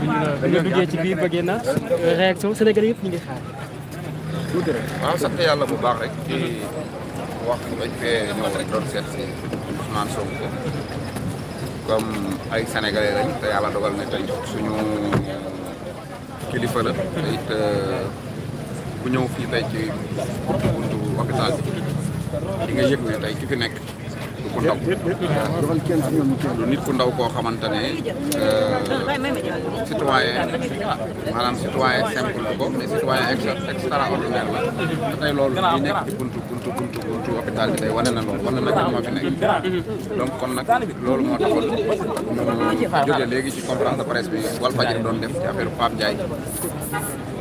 bi nga duggee ci biir ba génn réaction Sénégalais yëpp ñu ngi xaar. tuuti rek waaw yàlla bu baax rek ci wax bañ fee ñëw rek doon seet si Ousmane Sonko comme ay sénégalais lañ te yàlla dogal na tey suñu kilifa la te ñëw fii tey ci buntu buntu hôpital bi di yëg ne tey ki fi nekk. du ko ndaw du nit ku ndaw koo xamante ne euh, citoyen maanaam citoyen simple du ko mais citoyen extraordinaire la te tey loolu li nekk ci buntu buntu buntu buntu hôpital bi tey wane na loolu wane na ko moo fi nekk donc kon nag loolu moo taxoon ñu jóge léegi ci conférence de presse bi Walfadjri doon def ci affaire Pape Ndiaye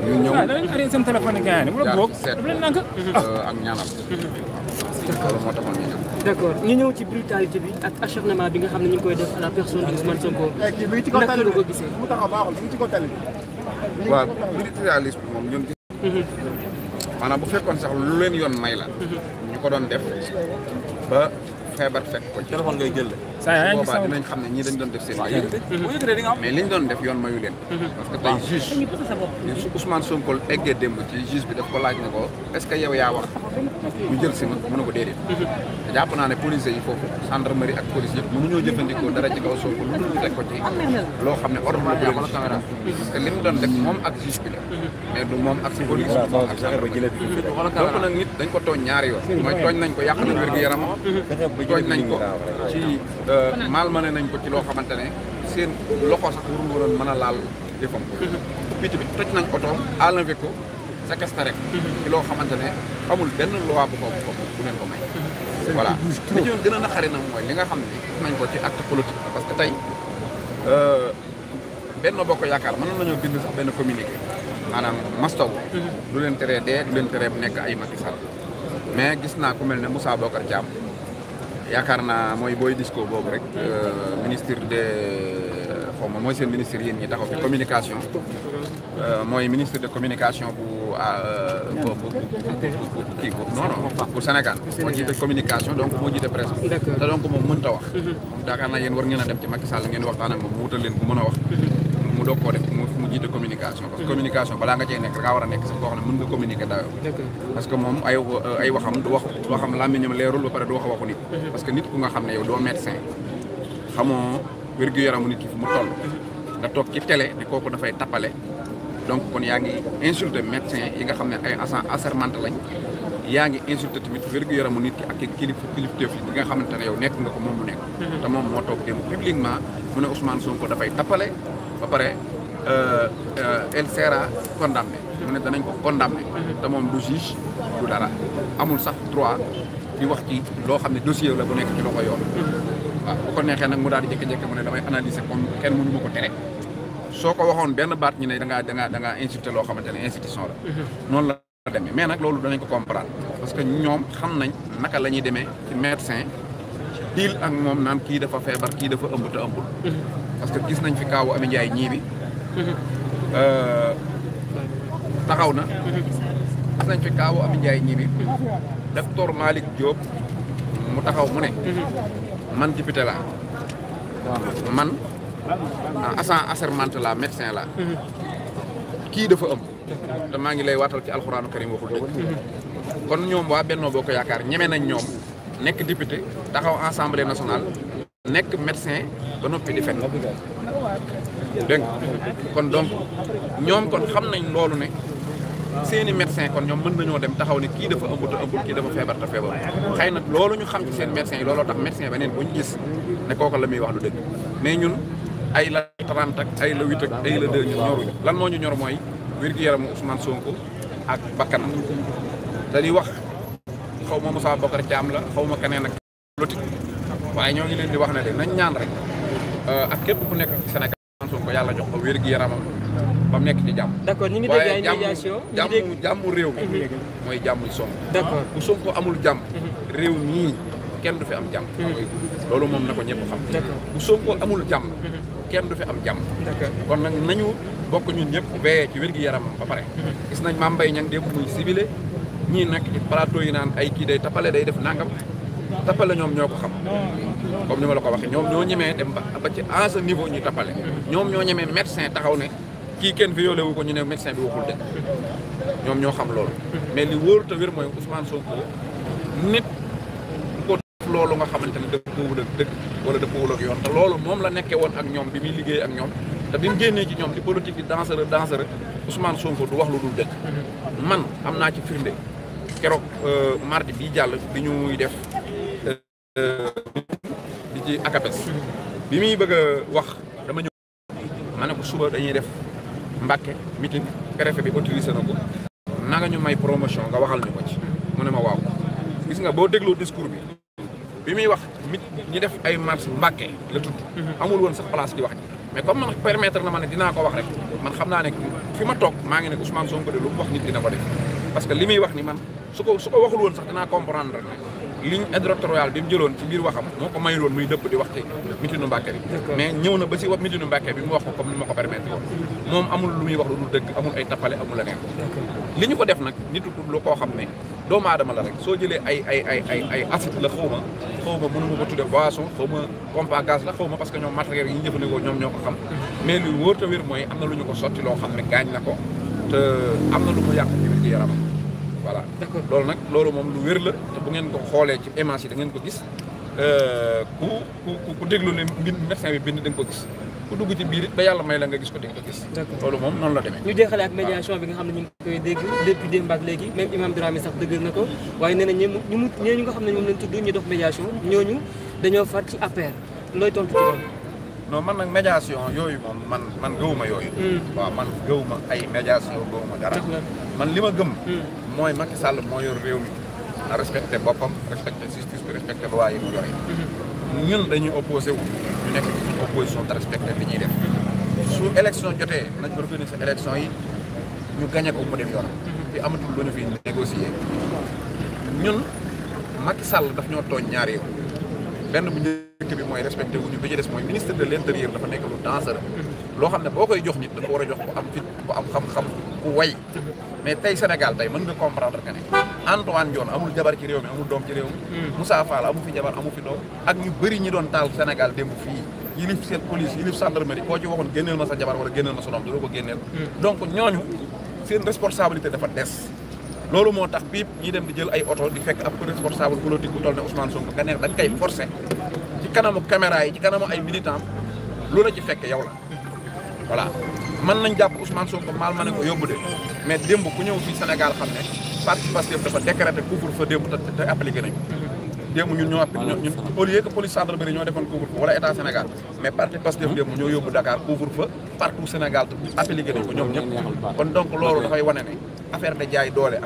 ñu ñëw ah, jàpp seet ak ñaanal loolu moo taxoon ñu d' accord ñu ñëw ci brutalité bi ak acharnement bi nga xam ne ñu ngi koy def à la personne d'Ousmane Sonko. Eh, naka nga ko gisee waaw moom ñun gis. Mhm. maanaam bu fekkoon sax lu leen yoon may la. Mhm. ñu ko doon def ba feebar fekk ko ci. téléphone ngay jël saa dinañ xam ne ñii dañ doon def seen yëg mais liñ doon def yoon mayu leen parce que tey juge su eggee démb ci juge bi daf ko laaj ne ko est que yow yaa wax ñu jël si ma mën ko déedéet te mhm. naa ne police yi foofu gendarmerie ak police yëpp mënu ñoo jëfandikoo dara ci kaw lu ñu teg ko ci loo xam ne ordre la wala caméra parce que li mu doon def moom ak juge bi la mhm. mais du moom ak si police ak gendarmerie donc nag nit dañ ko tooñ ñaari yoon mooy tooñ nañ ko yàq Euh, maal ma ne nañ ko ci loo xamante ne seen loxo pour warul waroon mën a laal jëfam ko picc bi toj nañ oto enlevé ko séquestré ko ci loo xamante ne amul benn loi bu ko bu ko bu leen ko may voilà li ci gën a naqari nag mooy li nga xam ne def nañ ko ci at politique parce que tey euh, benn bokk yaakaar mënoon nañoo bind sax benn communiqué maanaam mastaw mhm. du leen teree dee du leen teree nekk ay Macky Sall mais gis naa ku mel ne Moussa Bocar Thiam yaakaar naa mooy booy disco boobu rek euh, ministre des xaw ma mooy seen ministre yéen ñi taxaw fi communication euh, mooy ministre de communication bu euh, bu bu kii ko non non bu Sénégal moo jiite communication donc moo jiite presse te donc moom mënta wax mhm. yaakaar naa yéen war ngeen dem ci Macky Sall ngeen waxtaan ak moom mu wutal leen bu mën a wax mhm. mu doog def mu jiite communication parce que communication balaa nga cee nekk da war a nekk sax koo ne mën nga communiquer daayo parce que moom ay ay waxam du wax waxam làmmiñam leerul ba pare du wax que nit ku nga xam ne yow doo médecin xamoo wér-gu-yaramu ki fu mu toll nga toog ci télé ne kooku dafay tappale donc kon yaa ngi yi nga xam ne ay assermenté lañ yaa ngi insulté tamit wér-gu-yaramu nit ki ak kilifa kilifteef yi nga xamante ne yow nekk nga ko moom mu nekk te moom moo toog démb publiquement mu ne Ousmane Sonko dafay tappale ba pare Euh, euh, elle sera condamnée mu ne danañ ko condamné mhm. te moom du juge du dara amul sax droit di wax ci loo xam ne dossier la bu nekk ci loxo yoon mhm. waaw bu ko neexee nag mu daal di jékki-jékki mu ne damay analyser kon kenn mënu ma ko tere soo ko waxoon benn baat ñu ne da ngaa da ngaa da ngaa insulté loo xamante ne institution la mhm. noonu la demee mais nag loolu danañ ko comprendre parce que ñoom xam nañ naka la ñuy demee ci médecin diil ak moom naan kii dafa feebar kii dafa ëmb te ëmbul parce gis nañ fi kaawu Amy Ndiaye Euh, taxaw na as nañ fi kaawu Ami Ndiaye ñi bi docteur Malick Diop mu taxaw mu ne man député laa man agent ah, assermenté laa médecin laa kii dafa ëmb te maa ngi lay waatal ci alxuraanu karim waxul dëgg kon ñoom waa Benno Bokk Yaakaar ñeme nañ ñoom nekk député taxaw assemblée nationale nekk médecin ba di fen dégg kon donc ñoom kon xam nañ loolu ne seeni médecin kon ñoom mën nañoo dem taxaw ne kii dafa ëmb te ëmbul kii dafa feebar te feebar xay na loolu ñu xam ci seen médecin yi looloo tax médecin beneen bu ñu gis ne kooku la muy wax lu dëgg mais ñun ay la 30 ak ay la 8 ak ay la 2 ñun ñoruñu lan moo ñu ñor mooy wér-gu-yaramu Ousmane Sonko ak bakkanam te di wax xaw ma Moussa Bokar Thiam la xaw ma keneen ak politique waaye ñoo ngi leen di wax na de nañ ñaan rek euh, ak képp ku nekk ci yàlla jox ko wér gi yaramam ba nekk ci jàmm. d'accord ñu ngi dégg ay médiation waaye jàmm jàmmu réew mi mhm. mooy jàmmu Sonko. d'accord bu Sonko amul jàmm. Mhm. réew mii kenn du fi am jàmm. Mhm. loolu moom na ko ñëpp xam. d'accord bu Sonko amul jàmm. kenn du fi am jàmm. kon nag nañu bokk ñu ñëpp veillé ci wér gi yaramam ba pare. gis nañ Mame Mbaye Niang démb muy ciblé ñii nag ci plateau yi naan ay kii day tapale day def nangam. tappale ñoom ñoo ko xam comme ni ma la ko waxee ñoom ñoo ñemee dem ba ba ci à ce niveau ñu tappale ñoom ñoo ñemee médecin taxaw ne kii kenn violé wu ko ñu ne médecin bi waxul dëgg ñoom ñoo xam loolu mais li wóor te wér mooy Ousmane Sonko nit ko def loolu nga xamante ne dëppoowul ak dëgg wala dëppoowul ak yoon te loolu moom la nekkee woon ak ñoom bi muy liggéey ak ñoom te bi mu génnee ci ñoom di politique di danseur danseur Ousmane Sonko du wax lu dul dëgg man am naa ci firnde keroog euh, mardi bii jàll bi ñuy def di ci akapes bi muy bëgg a wax dama ñëw ma ne ko suba dañuy def mbàkke meeting préfet bi autorisé na ko na nga ñu may promotion nga waxal ñu ko ci mu ne ma waaw gis nga boo dégloo discours bi bi muy wax mit ñi def ay marche mbàkke la tudd mhm. amul woon sax place di wax mais comme man permettre na ma ne dinaa ko wax rek man xam naa ne fi ma toog maa ngi ne Ousmane Sonko de lu mu wax nit dina ko def parce que li muy wax ni man su ko su ko waxul woon sax dinaa comprendre rek ligne éditoriale bi mu jëloon ci biir waxam moo ko mayuloon muy dëpp di wax ci mitinu Mbàkke bi mais ñëw na ba si wax mitinu Mbàkke bi mu wax ko comme ni ma ko permettre moom amul lu muy wax lu dul dëgg amul ay tappale amul leneen li ñu ko def nag nitu lu koo xam ne doomu aadama la rek soo jëlee ay ay ay ay ay acide la xaw ma xaw ma mënu ma ko tuddee boisson xaw ma compas gaz la xaw ma parce que ñoom matériel yi ñu jëfandikoo ñoom ñoo ko xam mm-hmm. mais lu wóor te wér mooy am na lu ñu ko sotti loo xam ne gaañ na ko am na lu ko voilà loolu nag loolu moom lu wér la te bu ngeen ko xoolee ci image yi ko gis euh, ku déglu ne mbind médecin bi bind da ko gis ku dugg ci biir it ba yàlla may la nga gis ko di nga ko gis. loolu moom noonu la demee. ñu jeexale ak médiation bi nga xam ne ñu ngi koy dégg depuis démb ak léegi même imam Dramé sax dëggal na ko waaye nee na ñoom ñu mu ñooñu nga xam ne moom lañ tudd ñu dox médiation ñooñu dañoo far ci APR looy tontu ci loolu. non man nag médiation yooyu moom man man gëwuma hmm. man gëwuma ay médiation gëwuma dara. man li ma gëm. Hmm. mooy Macky Sall moo yor réew mi na respecté boppam respecté justice bi respecté loi yi mu yore ñun dañuy opposé wu ñu nekk ci suñu opposition te respecté bi ñuy def su élection jotee nañ organiser élection yi ñu gagné ko mu dem yoon fi amatul lu ñu fi négocier ñun Macky Sall daf ñoo tooñ ñaari yoon benn bu njëkk bi mooy respecté wuñu bi ci des mooy ministre de l'intérieur dafa nekk lu dangereux loo xam ne boo koy jox nit da war a jox bu am fit bu am xam-xam ku way mais tey Sénégal tey mën nga comprendre que ne Antoine Diome amul jabar ci réew mi amul doom ci réew mi hmm. Moussa Fall amu fi jabar amu fi doom ak ñu bëri ñi doon taal Sénégal démb fii yilif seen police yilif gendarmerie koo ci waxoon génneel ma sa jabar wala génneel ma sa doom du ko génneel hmm. donc ñooñu seen responsabilité dafa des loolu moo tax biip ñi dem di jël ay oto di fekk ab responsable politique bu toll ne Ousmane Sonko nga neex dañ koy forcé ci kanamu caméra yi ci kanamu ay militant lu la ci fekk yow la voilà mën nañ jàpp Ousmane Sonko maal ma ne ko yóbbu de mais démb ku ñëw fii Sénégal xam ne parti Pastef dafa décrété couvre-feu démb te appliqué nañ démb ñun ñoo ñun au lieu que police gendarmerie ñoo defoon couvre feu wala état Sénégal mais parti Pastef démb ñoo yóbbu Dakar couvre feu partout Sénégal appliqué de jaay doole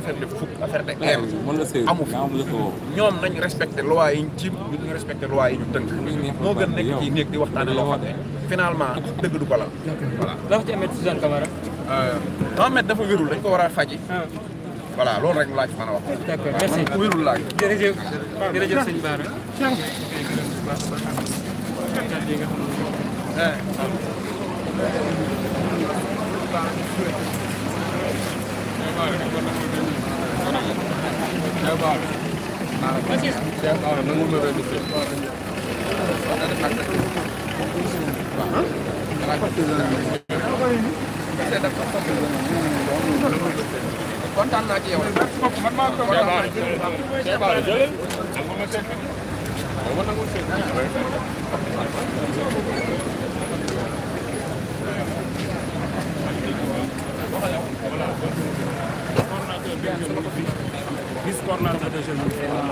ñoom nañ respecté loi yi ñu ci ñu respecté loi yi ñu tënk moo gën nekk ci néeg di waxtaane loo xam ne euh, dafa wérul dañ ko war a faji ah. voilà loolu rek laa ci mën a wax. d'accord merci man wérul laa ngi. jërëjëf jërëjëf sëñ Bara. kontaan naa ci yow rek. man maa ko vice coordonnateur de jeune